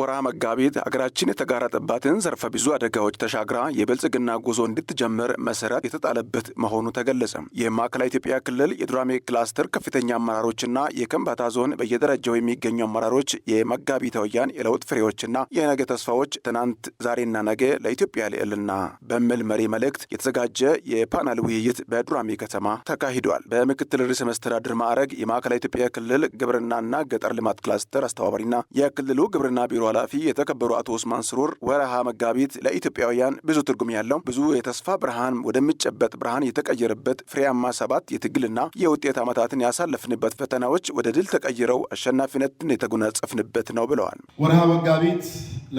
ወራ መጋቢት አገራችን የተጋረጠባትን ዘርፈ ብዙ አደጋዎች ተሻግራ የብልጽግና ጉዞ እንድትጀምር መሰረት የተጣለበት መሆኑ ተገለጸ። የማዕከላዊ ኢትዮጵያ ክልል የዱራሜ ክላስተር ከፍተኛ አመራሮችና የከምባታ ዞን በየደረጃው የሚገኙ አመራሮች የመጋቢት ወያን የለውጥ ፍሬዎችና የነገ ተስፋዎች ትናንት፣ ዛሬና ነገ ለኢትዮጵያ ልዕልና በሚል መሪ መልእክት የተዘጋጀ የፓናል ውይይት በዱራሜ ከተማ ተካሂዷል። በምክትል ርዕሰ መስተዳድር ማዕረግ የማዕከላዊ ኢትዮጵያ ክልል ግብርናና ገጠር ልማት ክላስተር አስተባባሪና የክልሉ ግብርና ቢሮ ኃላፊ የተከበሩ አቶ ኡስማን ስሩር ወረሃ መጋቢት ለኢትዮጵያውያን ብዙ ትርጉም ያለው ብዙ የተስፋ ብርሃን ወደሚጨበጥ ብርሃን የተቀየረበት ፍሬያማ ሰባት የትግልና የውጤት ዓመታትን ያሳለፍንበት ፈተናዎች ወደ ድል ተቀይረው አሸናፊነትን የተጎናጸፍንበት ነው ብለዋል። ወረሃ መጋቢት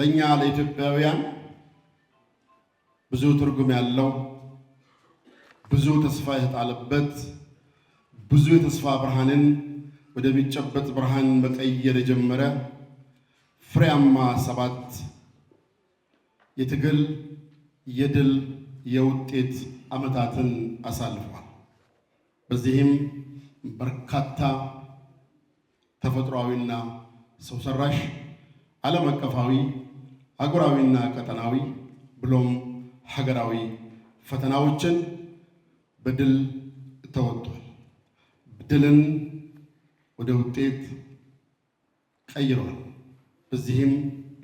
ለእኛ ለኢትዮጵያውያን ብዙ ትርጉም ያለው ብዙ ተስፋ የተጣለበት ብዙ የተስፋ ብርሃንን ወደሚጨበጥ ብርሃን መቀየር የጀመረ ፍሬያማ ሰባት የትግል የድል የውጤት ዓመታትን አሳልፏል። በዚህም በርካታ ተፈጥሯዊና ሰው ሰራሽ ዓለም አቀፋዊ አህጉራዊና ቀጠናዊ ብሎም ሀገራዊ ፈተናዎችን በድል ተወጥቷል። ድልን ወደ ውጤት ቀይረዋል። እዚህም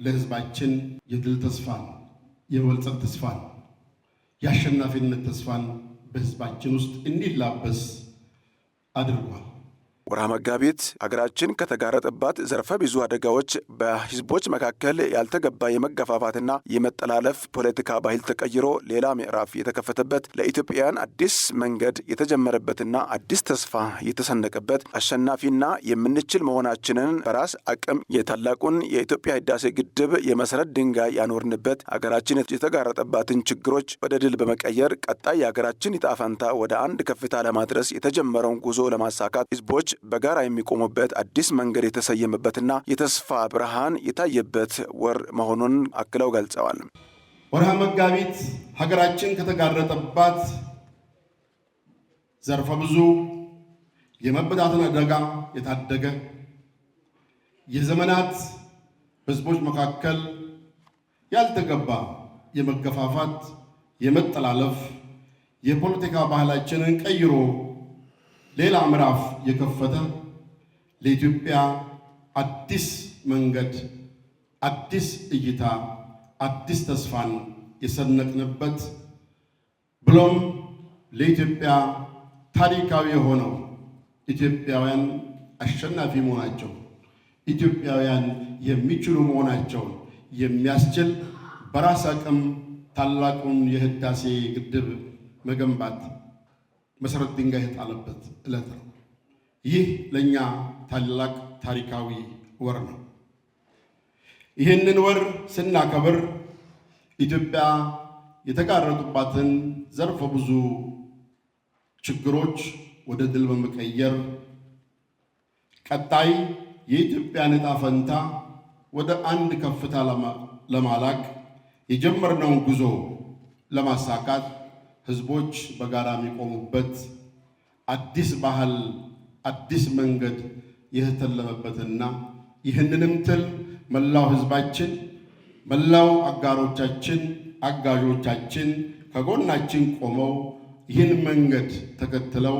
ለህዝባችን የድል ተስፋን፣ የመልጸት ተስፋን፣ የአሸናፊነት ተስፋን በህዝባችን ውስጥ እንዲላበስ አድርጓል። ወርሃ መጋቢት ሀገራችን ከተጋረጠባት ዘርፈ ብዙ አደጋዎች በህዝቦች መካከል ያልተገባ የመገፋፋትና የመጠላለፍ ፖለቲካ ባህል ተቀይሮ ሌላ ምዕራፍ የተከፈተበት ለኢትዮጵያውያን አዲስ መንገድ የተጀመረበትና አዲስ ተስፋ የተሰነቀበት አሸናፊና የምንችል መሆናችንን በራስ አቅም የታላቁን የኢትዮጵያ ህዳሴ ግድብ የመሰረት ድንጋይ ያኖርንበት ሀገራችን የተጋረጠባትን ችግሮች ወደ ድል በመቀየር ቀጣይ የሀገራችን ዕጣ ፈንታ ወደ አንድ ከፍታ ለማድረስ የተጀመረውን ጉዞ ለማሳካት ህዝቦች በጋራ የሚቆሙበት አዲስ መንገድ የተሰየመበትና የተስፋ ብርሃን የታየበት ወር መሆኑን አክለው ገልጸዋል። ወርሃ መጋቢት ሀገራችን ከተጋረጠባት ዘርፈ ብዙ የመበታተን አደጋ የታደገ የዘመናት ህዝቦች መካከል ያልተገባ የመገፋፋት፣ የመጠላለፍ የፖለቲካ ባህላችንን ቀይሮ ሌላ ምዕራፍ የከፈተ ለኢትዮጵያ አዲስ መንገድ፣ አዲስ እይታ፣ አዲስ ተስፋን የሰነቅንበት ብሎም ለኢትዮጵያ ታሪካዊ የሆነው ኢትዮጵያውያን አሸናፊ መሆናቸው ኢትዮጵያውያን የሚችሉ መሆናቸውን የሚያስችል በራስ አቅም ታላቁን የህዳሴ ግድብ መገንባት መሰረት ድንጋይ የጣለበት ዕለት ነው። ይህ ለእኛ ታላቅ ታሪካዊ ወር ነው። ይህንን ወር ስናከብር ኢትዮጵያ የተጋረጡባትን ዘርፈ ብዙ ችግሮች ወደ ድል በመቀየር ቀጣይ የኢትዮጵያን ዕጣ ፈንታ ወደ አንድ ከፍታ ለማላቅ የጀመርነውን ጉዞ ለማሳካት ህዝቦች በጋራ የሚቆሙበት አዲስ ባህል፣ አዲስ መንገድ የተለመበትና ይህንንም ትል መላው ህዝባችን፣ መላው አጋሮቻችን፣ አጋዦቻችን ከጎናችን ቆመው ይህን መንገድ ተከትለው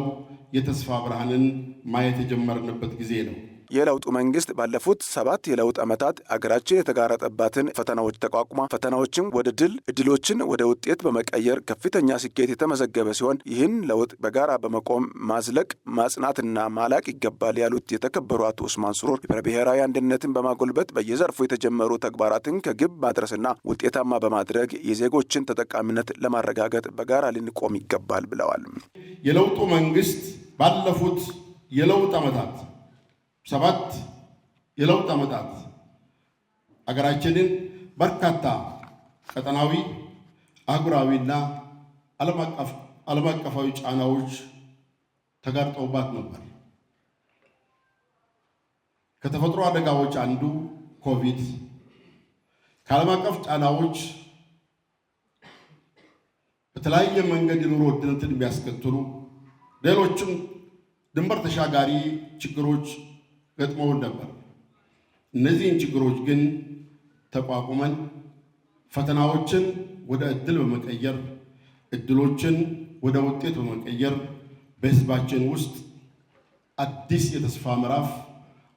የተስፋ ብርሃንን ማየት የጀመርንበት ጊዜ ነው። የለውጡ መንግስት ባለፉት ሰባት የለውጥ ዓመታት አገራችን የተጋረጠባትን ፈተናዎች ተቋቁማ ፈተናዎችን ወደ ድል፣ እድሎችን ወደ ውጤት በመቀየር ከፍተኛ ስኬት የተመዘገበ ሲሆን ይህን ለውጥ በጋራ በመቆም ማዝለቅ፣ ማጽናትና ማላቅ ይገባል ያሉት የተከበሩ አቶ ኡስማን ሱሩር ህብረ ብሔራዊ አንድነትን በማጎልበት በየዘርፉ የተጀመሩ ተግባራትን ከግብ ማድረስና ውጤታማ በማድረግ የዜጎችን ተጠቃሚነት ለማረጋገጥ በጋራ ልንቆም ይገባል ብለዋል። የለውጡ መንግስት ባለፉት የለውጥ ዓመታት ሰባት የለውጥ ዓመታት አገራችንን በርካታ ቀጠናዊ አህጉራዊና ዓለም አቀፋዊ ጫናዎች ተጋርጠውባት ነበር። ከተፈጥሮ አደጋዎች አንዱ ኮቪድ፣ ከዓለም አቀፍ ጫናዎች በተለያየ መንገድ የኑሮ ውድነትን የሚያስከትሉ ሌሎችም ድንበር ተሻጋሪ ችግሮች ገጥመውን ነበር። እነዚህን ችግሮች ግን ተቋቁመን ፈተናዎችን ወደ እድል በመቀየር እድሎችን ወደ ውጤት በመቀየር በህዝባችን ውስጥ አዲስ የተስፋ ምዕራፍ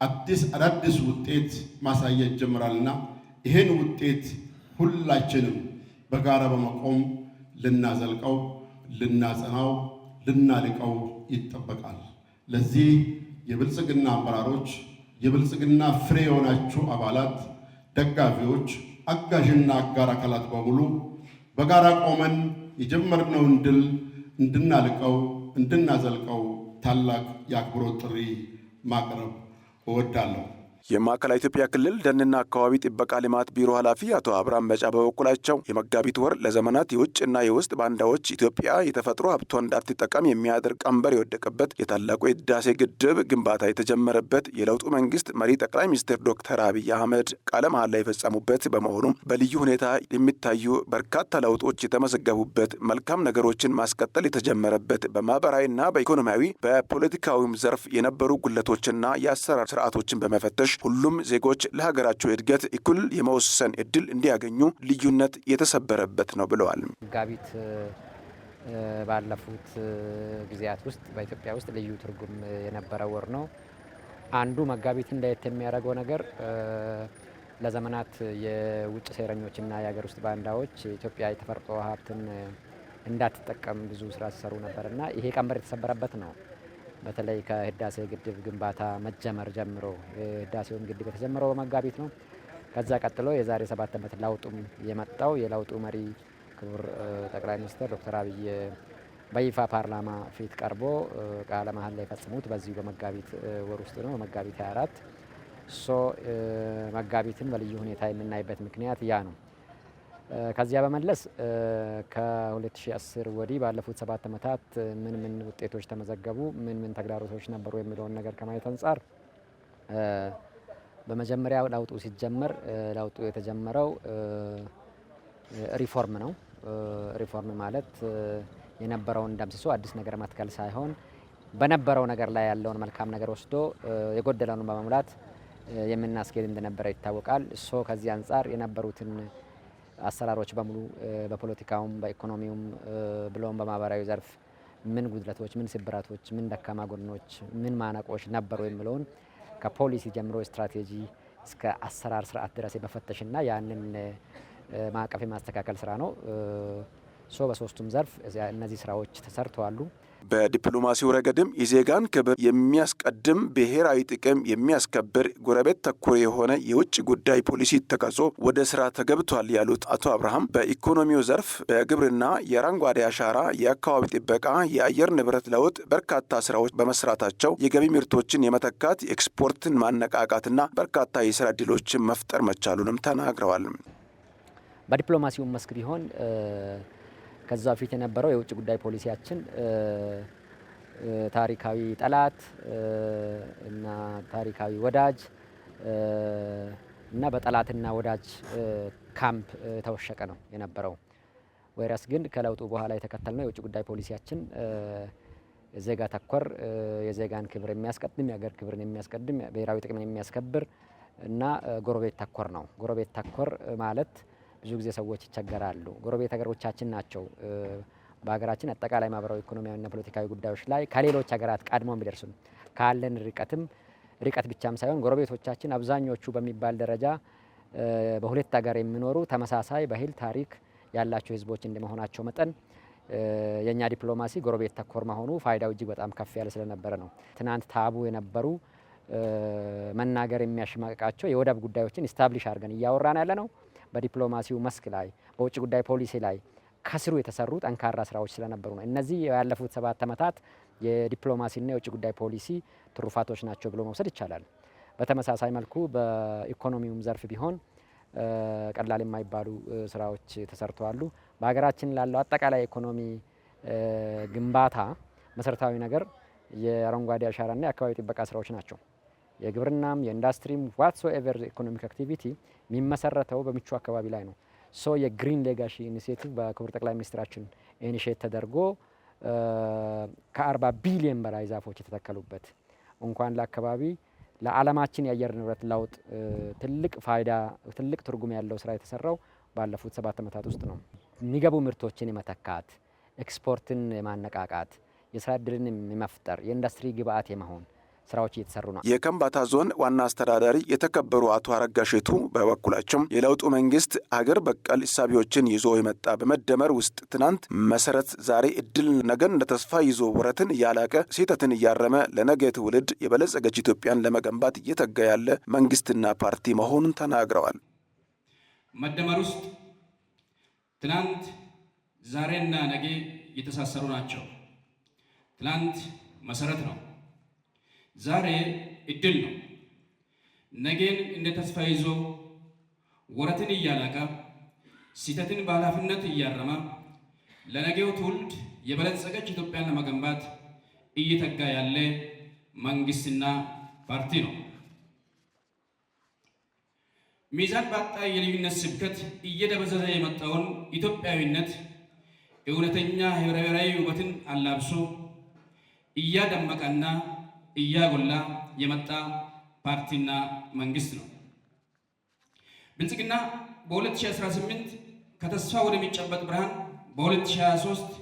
አዲስ አዳዲስ ውጤት ማሳየት ጀምራልና ይህን ውጤት ሁላችንም በጋራ በመቆም ልናዘልቀው፣ ልናጸናው፣ ልናልቀው ይጠበቃል። ለዚህ የብልጽግና አመራሮች፣ የብልጽግና ፍሬ የሆናችሁ አባላት፣ ደጋፊዎች፣ አጋዥና አጋር አካላት በሙሉ በጋራ ቆመን የጀመርነውን ድል እንድናልቀው እንድናዘልቀው ታላቅ የአክብሮት ጥሪ ማቅረብ እወዳለሁ። የማዕከላዊ ኢትዮጵያ ክልል ደንና አካባቢ ጥበቃ ልማት ቢሮ ኃላፊ አቶ አብርሃም በጫ በበኩላቸው የመጋቢት ወር ለዘመናት የውጭና የውስጥ ባንዳዎች ኢትዮጵያ የተፈጥሮ ሀብቷን እንዳትጠቀም የሚያደርግ ቀንበር የወደቀበት የታላቁ የህዳሴ ግድብ ግንባታ የተጀመረበት የለውጡ መንግስት መሪ ጠቅላይ ሚኒስትር ዶክተር አብይ አህመድ ቃለ መሃላ የፈጸሙበት በመሆኑም በልዩ ሁኔታ የሚታዩ በርካታ ለውጦች የተመዘገቡበት መልካም ነገሮችን ማስቀጠል የተጀመረበት በማህበራዊና በኢኮኖሚያዊ በፖለቲካዊም ዘርፍ የነበሩ ጉለቶችና የአሰራር ስርዓቶችን በመፈተሽ ምላሽ ሁሉም ዜጎች ለሀገራቸው እድገት እኩል የመወሰን እድል እንዲያገኙ ልዩነት የተሰበረበት ነው ብለዋል። መጋቢት ባለፉት ጊዜያት ውስጥ በኢትዮጵያ ውስጥ ልዩ ትርጉም የነበረ ወር ነው። አንዱ መጋቢት እንዳየት የሚያደርገው ነገር ለዘመናት የውጭ ሴረኞችና የሀገር ውስጥ ባንዳዎች ኢትዮጵያ የተፈጥሮ ሀብትን እንዳትጠቀም ብዙ ስራ ሲሰሩ ነበርና ይሄ ቀንበር የተሰበረበት ነው። በተለይ ከህዳሴ ግድብ ግንባታ መጀመር ጀምሮ ህዳሴውን ግድብ የተጀመረው በመጋቢት ነው። ከዛ ቀጥሎ የዛሬ ሰባት ዓመት ለውጡም የመጣው የለውጡ መሪ ክቡር ጠቅላይ ሚኒስትር ዶክተር አብይ በይፋ ፓርላማ ፊት ቀርቦ ቃለ ላይ የፈጸሙት በዚሁ በመጋቢት ወር ውስጥ ነው። በመጋቢት 24 ሶ መጋቢትን በልዩ ሁኔታ የምናይበት ምክንያት ያ ነው። ከዚያ በመለስ ከ2010 ወዲህ ባለፉት ሰባት ዓመታት ምን ምን ውጤቶች ተመዘገቡ፣ ምን ምን ተግዳሮቶች ነበሩ የሚለውን ነገር ከማየት አንጻር በመጀመሪያ ለውጡ ሲጀመር ለውጡ የተጀመረው ሪፎርም ነው። ሪፎርም ማለት የነበረውን ደምስሶ አዲስ ነገር መትከል ሳይሆን በነበረው ነገር ላይ ያለውን መልካም ነገር ወስዶ የጎደለውን በመሙላት የምናስኬድ እንደነበረ ይታወቃል። እሶ ከዚህ አንጻር የነበሩትን አሰራሮች በሙሉ በፖለቲካውም በኢኮኖሚውም ብሎም በማህበራዊ ዘርፍ ምን ጉድለቶች፣ ምን ስብራቶች፣ ምን ደካማ ጎኖች፣ ምን ማነቆች ነበሩ የሚለውን ከፖሊሲ ጀምሮ ስትራቴጂ እስከ አሰራር ስርዓት ድረስ መፈተሽና ያንን ማዕቀፍ የማስተካከል ስራ ነው። ሶ በሶስቱም ዘርፍ እነዚህ ስራዎች ተሰርተዋሉ። በዲፕሎማሲው ረገድም የዜጋን ክብር የሚያስቀድም ብሔራዊ ጥቅም የሚያስከብር ጎረቤት ተኮር የሆነ የውጭ ጉዳይ ፖሊሲ ተቀርጾ ወደ ስራ ተገብቷል ያሉት አቶ አብርሃም በኢኮኖሚው ዘርፍ በግብርና፣ የአረንጓዴ አሻራ፣ የአካባቢ ጥበቃ፣ የአየር ንብረት ለውጥ በርካታ ስራዎች በመስራታቸው የገቢ ምርቶችን የመተካት ኤክስፖርትን ማነቃቃትና በርካታ የስራ እድሎችን መፍጠር መቻሉንም ተናግረዋል። በዲፕሎማሲው መስክ ቢሆን ከዛ በፊት የነበረው የውጭ ጉዳይ ፖሊሲያችን ታሪካዊ ጠላት እና ታሪካዊ ወዳጅ እና በጠላትና ወዳጅ ካምፕ የተወሸቀ ነው የነበረው። ወይረስ ግን ከለውጡ በኋላ የተከተልነው የውጭ ጉዳይ ፖሊሲያችን ዜጋ ተኮር የዜጋን ክብር የሚያስቀድም የሀገር ክብርን የሚያስቀድም ብሔራዊ ጥቅምን የሚያስከብር እና ጎረቤት ተኮር ነው። ጎረቤት ተኮር ማለት ብዙ ጊዜ ሰዎች ይቸገራሉ። ጎረቤት ሀገሮቻችን ናቸው በሀገራችን አጠቃላይ ማህበራዊ፣ ኢኮኖሚያዊና ፖለቲካዊ ጉዳዮች ላይ ከሌሎች ሀገራት ቀድሞ ቢደርሱም ካለን ርቀትም ርቀት ብቻም ሳይሆን ጎረቤቶቻችን አብዛኞቹ በሚባል ደረጃ በሁለት ሀገር የሚኖሩ ተመሳሳይ ባህል፣ ታሪክ ያላቸው ህዝቦች እንደመሆናቸው መጠን የእኛ ዲፕሎማሲ ጎረቤት ተኮር መሆኑ ፋይዳው እጅግ በጣም ከፍ ያለ ስለነበረ ነው። ትናንት ታቡ የነበሩ መናገር የሚያሸማቅቃቸው የወደብ ጉዳዮችን ስታብሊሽ አድርገን እያወራን ያለ ነው። በዲፕሎማሲው መስክ ላይ በውጭ ጉዳይ ፖሊሲ ላይ ከስሩ የተሰሩ ጠንካራ ስራዎች ስለነበሩ ነው። እነዚህ ያለፉት ሰባት ዓመታት የዲፕሎማሲና የውጭ ጉዳይ ፖሊሲ ትሩፋቶች ናቸው ብሎ መውሰድ ይቻላል። በተመሳሳይ መልኩ በኢኮኖሚውም ዘርፍ ቢሆን ቀላል የማይባሉ ስራዎች ተሰርተዋሉ። በሀገራችን ላለው አጠቃላይ ኢኮኖሚ ግንባታ መሰረታዊ ነገር የአረንጓዴ አሻራና የአካባቢ ጥበቃ ስራዎች ናቸው። የግብርናም የኢንዱስትሪም ዋትሶ ኤቨር ኢኮኖሚክ አክቲቪቲ የሚመሰረተው በምቹ አካባቢ ላይ ነው። ሶ የግሪን ሌጋሲ ኢኒሽቲቭ በክቡር ጠቅላይ ሚኒስትራችን ኢኒሽት ተደርጎ ከ40 ቢሊዮን በላይ ዛፎች የተተከሉበት እንኳን ለአካባቢ ለዓለማችን የአየር ንብረት ለውጥ ትልቅ ፋይዳ ትልቅ ትርጉም ያለው ስራ የተሰራው ባለፉት ሰባት ዓመታት ውስጥ ነው። የሚገቡ ምርቶችን የመተካት ኤክስፖርትን የማነቃቃት የስራ እድልን የመፍጠር የኢንዱስትሪ ግብአት የመሆን ስራዎች እየተሰሩ ነው። የከምባታ ዞን ዋና አስተዳዳሪ የተከበሩ አቶ አረጋ በበኩላቸው የለውጡ መንግስት አገር በቀል እሳቢዎችን ይዞ የመጣ በመደመር ውስጥ ትናንት መሰረት ዛሬ እድል ነገን ለተስፋ ይዞ ውረትን እያላቀ ሴተትን እያረመ ለነገ ትውልድ የበለጸገች ኢትዮጵያን ለመገንባት እየተጋ ያለ መንግስትና ፓርቲ መሆኑን ተናግረዋል። መደመር ውስጥ ትናንት ዛሬና ነገ የተሳሰሩ ናቸው። ትናንት መሰረት ነው። ዛሬ እድል ነው። ነገን እንደ ተስፋ ይዞ ወረትን እያላቀ ስህተትን በኃላፊነት እያረመ ለነገው ትውልድ የበለጸገች ኢትዮጵያን ለመገንባት እየተጋ ያለ መንግስትና ፓርቲ ነው። ሚዛን ባጣ የልዩነት ስብከት እየደበዘዘ የመጣውን ኢትዮጵያዊነት እውነተኛ ህብረ ብሔራዊ ውበትን አላብሶ እያደመቀና እያጎላ የመጣ ፓርቲና መንግስት ነው። ብልጽግና በ2018 ከተስፋ ወደሚጨበጥ ብርሃን በ2023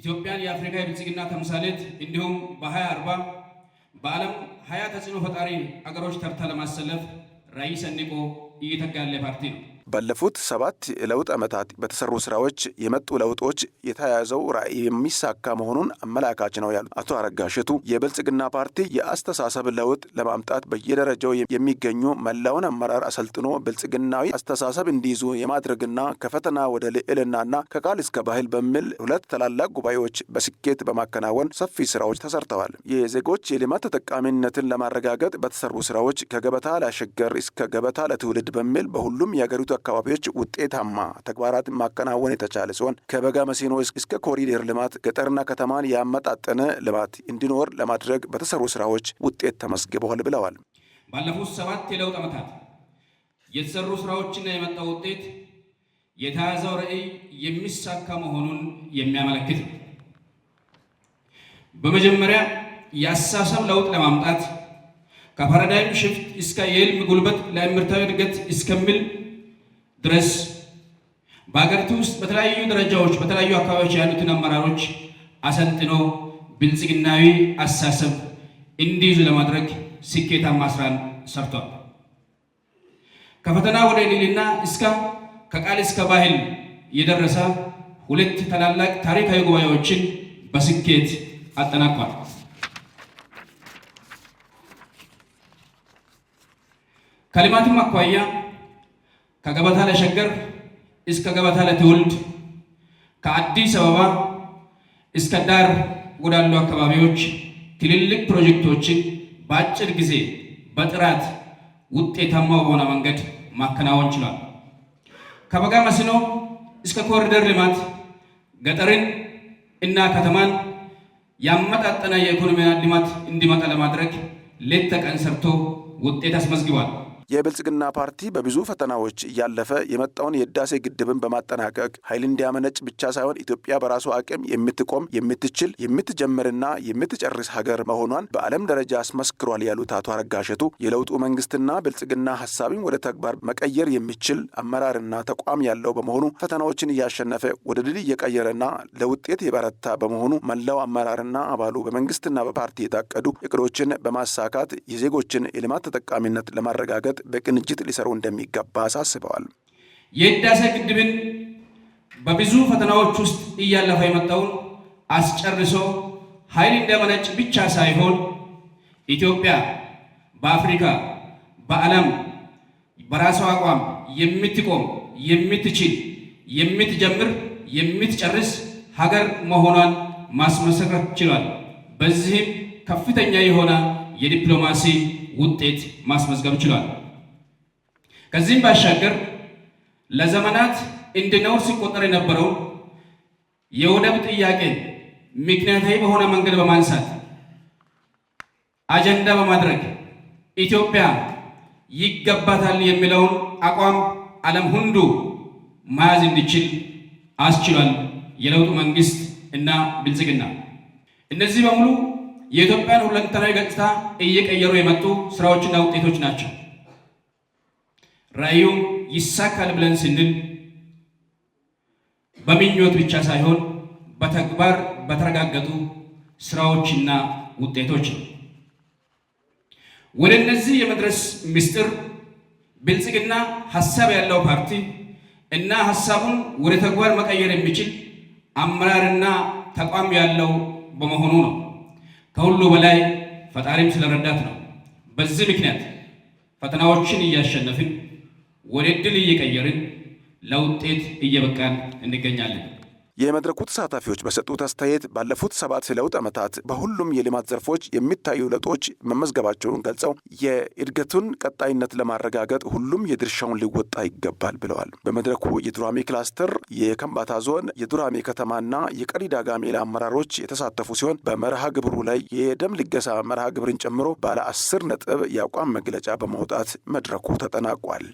ኢትዮጵያን የአፍሪካ የብልጽግና ተምሳሌት እንዲሁም በ2040 በዓለም ሀያ ተጽዕኖ ፈጣሪ አገሮች ተርታ ለማሰለፍ ራዕይ ሰንቆ እየተጋለ ፓርቲ ነው። ባለፉት ሰባት ለውጥ ዓመታት በተሰሩ ስራዎች የመጡ ለውጦች የተያያዘው ራዕይ የሚሳካ መሆኑን አመላካች ነው ያሉት አቶ አረጋሸቱ የብልጽግና ፓርቲ የአስተሳሰብ ለውጥ ለማምጣት በየደረጃው የሚገኙ መላውን አመራር አሰልጥኖ ብልጽግናዊ አስተሳሰብ እንዲይዙ የማድረግና ከፈተና ወደ ልዕልናና ከቃል እስከ ባህል በሚል ሁለት ታላላቅ ጉባኤዎች በስኬት በማከናወን ሰፊ ስራዎች ተሰርተዋል። የዜጎች የልማት ተጠቃሚነትን ለማረጋገጥ በተሰሩ ስራዎች ከገበታ ላሸገር እስከ ገበታ ለትውልድ በሚል በሁሉም የአገሪቱ አካባቢዎች ውጤታማ ተግባራት ማከናወን የተቻለ ሲሆን ከበጋ መስኖ እስከ ኮሪደር ልማት ገጠርና ከተማን ያመጣጠነ ልማት እንዲኖር ለማድረግ በተሰሩ ስራዎች ውጤት ተመዝግበዋል ብለዋል። ባለፉት ሰባት የለውጥ ዓመታት የተሰሩ ስራዎችና የመጣው ውጤት የተያዘው ራዕይ የሚሳካ መሆኑን የሚያመለክት ነው። በመጀመሪያ የአሳሰብ ለውጥ ለማምጣት ከፓራዳይም ሽፍት እስከ የህልም ጉልበት ለምርታዊ እድገት እስከሚል ድረስ በሀገሪቱ ውስጥ በተለያዩ ደረጃዎች በተለያዩ አካባቢዎች ያሉትን አመራሮች አሰልጥኖ ብልጽግናዊ አሳሰብ እንዲይዙ ለማድረግ ስኬታማ ስራን ሰርቷል። ከፈተና ወደ ልዕልና እስከ ከቃል እስከ ባህል የደረሰ ሁለት ታላላቅ ታሪካዊ ጉባኤዎችን በስኬት አጠናቋል። ከልማትም አኳያ ከገበታ ለሸገር እስከ ገበታ ለትውልድ ከአዲስ አበባ እስከ ዳር ወዳሉ አካባቢዎች ትልልቅ ፕሮጀክቶችን በአጭር ጊዜ በጥራት ውጤታማ በሆነ መንገድ ማከናወን ችሏል። ከበጋ መስኖ እስከ ኮሪደር ልማት ገጠርን እና ከተማን ያመጣጠነ የኢኮኖሚ ልማት እንዲመጣ ለማድረግ ሌት ተቀን ሰርቶ ውጤት አስመዝግቧል። የብልጽግና ፓርቲ በብዙ ፈተናዎች እያለፈ የመጣውን የህዳሴ ግድብን በማጠናቀቅ ኃይል እንዲያመነጭ ብቻ ሳይሆን ኢትዮጵያ በራሱ አቅም የምትቆም የምትችል፣ የምትጀምርና የምትጨርስ ሀገር መሆኗን በዓለም ደረጃ አስመስክሯል ያሉት አቶ አረጋሸቱ ሸቱ የለውጡ መንግስትና ብልጽግና ሀሳብን ወደ ተግባር መቀየር የሚችል አመራርና ተቋም ያለው በመሆኑ ፈተናዎችን እያሸነፈ ወደ ድል እየቀየረና ለውጤት የበረታ በመሆኑ መላው አመራርና አባሉ በመንግስትና በፓርቲ የታቀዱ እቅዶችን በማሳካት የዜጎችን የልማት ተጠቃሚነት ለማረጋገጥ በቅንጅት ሊሰሩ እንደሚገባ አሳስበዋል። የህዳሴ ግድብን በብዙ ፈተናዎች ውስጥ እያለፈ የመጣውን አስጨርሶ ኃይል እንደመነጭ ብቻ ሳይሆን ኢትዮጵያ በአፍሪካ በዓለም በራሷ አቋም የምትቆም የምትችል የምትጀምር የምትጨርስ ሀገር መሆኗን ማስመሰከር ችሏል። በዚህም ከፍተኛ የሆነ የዲፕሎማሲ ውጤት ማስመዝገብ ችሏል። ከዚህም ባሻገር ለዘመናት እንደ ሲቆጠር የነበረውን የወደብ ጥያቄ ምክንያታዊ በሆነ መንገድ በማንሳት አጀንዳ በማድረግ ኢትዮጵያ ይገባታል የሚለውን አቋም ዓለም ሁሉ መያዝ እንዲችል አስችሏል። የለውጥ መንግስት እና ብልጽግና እነዚህ በሙሉ የኢትዮጵያን ሁለንተናዊ ገጽታ እየቀየሩ የመጡ ስራዎችና ውጤቶች ናቸው። ራእዩ ይሳካል ብለን ስንል በምኞት ብቻ ሳይሆን በተግባር በተረጋገጡ ስራዎችና ውጤቶች ነው። ወደ እነዚህ የመድረስ ምስጢር ብልጽግና ሀሳብ ያለው ፓርቲ እና ሀሳቡን ወደ ተግባር መቀየር የሚችል አመራርና ተቋም ያለው በመሆኑ ነው። ከሁሉ በላይ ፈጣሪም ስለረዳት ነው። በዚህ ምክንያት ፈተናዎችን እያሸነፍን ወደ ድል እየቀየርን ለውጤት እየበቃን እንገኛለን። የመድረኩ ተሳታፊዎች በሰጡት አስተያየት ባለፉት ሰባት ለውጥ ዓመታት በሁሉም የልማት ዘርፎች የሚታዩ ለውጦች መመዝገባቸውን ገልጸው የእድገቱን ቀጣይነት ለማረጋገጥ ሁሉም የድርሻውን ሊወጣ ይገባል ብለዋል። በመድረኩ የዱራሜ ክላስተር፣ የከምባታ ዞን፣ የዱራሜ ከተማና የቀሪዳ ጋሜላ አመራሮች የተሳተፉ ሲሆን በመርሃ ግብሩ ላይ የደም ልገሳ መርሃ ግብርን ጨምሮ ባለ አስር ነጥብ የአቋም መግለጫ በማውጣት መድረኩ ተጠናቋል።